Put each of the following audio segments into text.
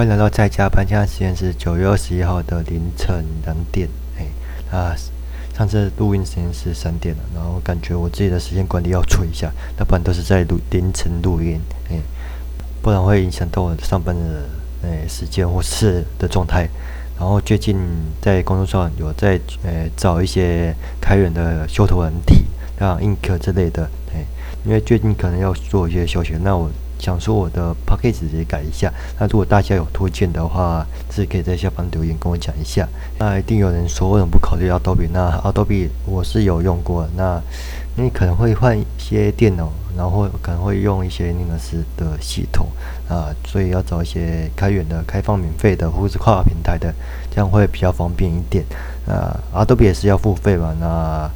歡迎來到在家搬家時間是九月二十一號的凌晨兩點。誒、哎，啊，上次錄音時間是三點了，然後感覺我自己的時間管理要處理一下。那不然都是在凌晨錄音，誒、哎，不然會影響到我上班的誒、哎、時間或是的狀態。然後最近在工作上有在誒、哎、找一些開源的修圖軟體，像 Ink 之類的，誒、哎，因為最近可能要做一些修學，那我。想說我的 Pocket 也改一下，那如果大家有推薦的話，是可以在下方留言跟我講一下。那一定有人說為什麼不考慮 Adobe？那 Adobe 我是有用過的，那因為可能會換一些電腦，然後可能會用一些 Linux 的系統啊，所以要找一些開源的、開放免費的，或者是跨平台的，這樣會比較方便一點。啊，Adobe 也是要付費嘛？那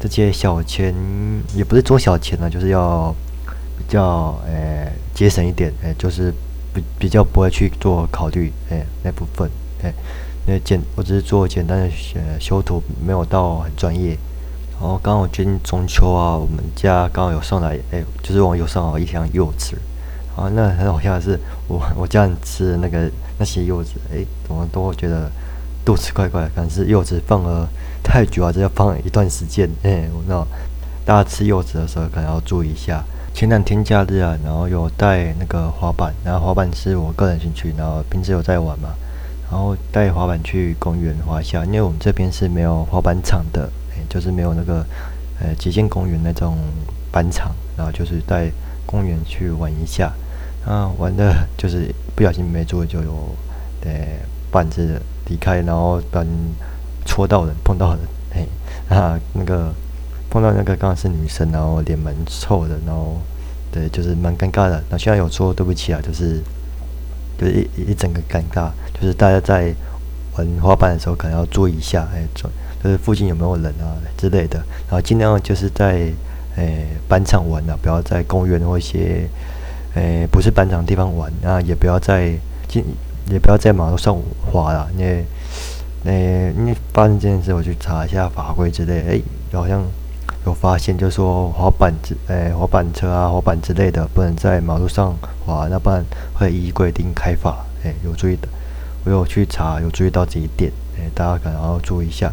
這些小錢也不是中小錢呢，就是要。比較誒節、欸、省一點誒、欸，就是比比較不會去做考慮誒、欸、那部分誒、欸、那簡我只是做簡單的修、呃、修圖，沒有到很專業。然後剛好我決定中秋啊，我們家剛好有送來誒、欸，就是往右送好一箱柚子。然後那很好笑的是我，我我家人吃那個那些柚子誒、欸，怎麼都覺得肚子怪怪的，可能是柚子放了太久了，這要放了一段時間。誒、欸。那大家吃柚子的時候可能要注意一下。前兩天假日啊，然後有帶那個滑板，然後滑板是我個人興趣，然後平時有在玩嘛，然後帶滑板去公園滑下，因為我們這邊是沒有滑板場的，誒，就是沒有那個，呃，極限公園那種板場，然後就是在公園去玩一下，啊，玩的就是不小心沒注意就有，呃，板子離開，然後板戳到人，碰到人，哎，啊，那個。碰到那個剛剛是女生，然後臉蠻臭的，然後對，就是蠻尷尬的。那現在有說對不起啊，就是就是一一整個尷尬，就是大家在玩滑板的時候，可能要注意一下，哎，就是附近有沒有人啊之類的，然後盡量就是在哎板場玩的，啊，不要在公園或一些哎不是板場的地方玩，啊也不要在進，也不要在馬路上滑了。哎，因，因為發生這件事，我去查一下法規之類，哎，就好像。有發現，就是說滑板之誒、欸，滑板車啊，滑板之類的，不能在馬路上滑，要不然會依規定開罰，誒、欸，有注意的，我有去查，有注意到這一點，誒、欸，大家可能要注意一下。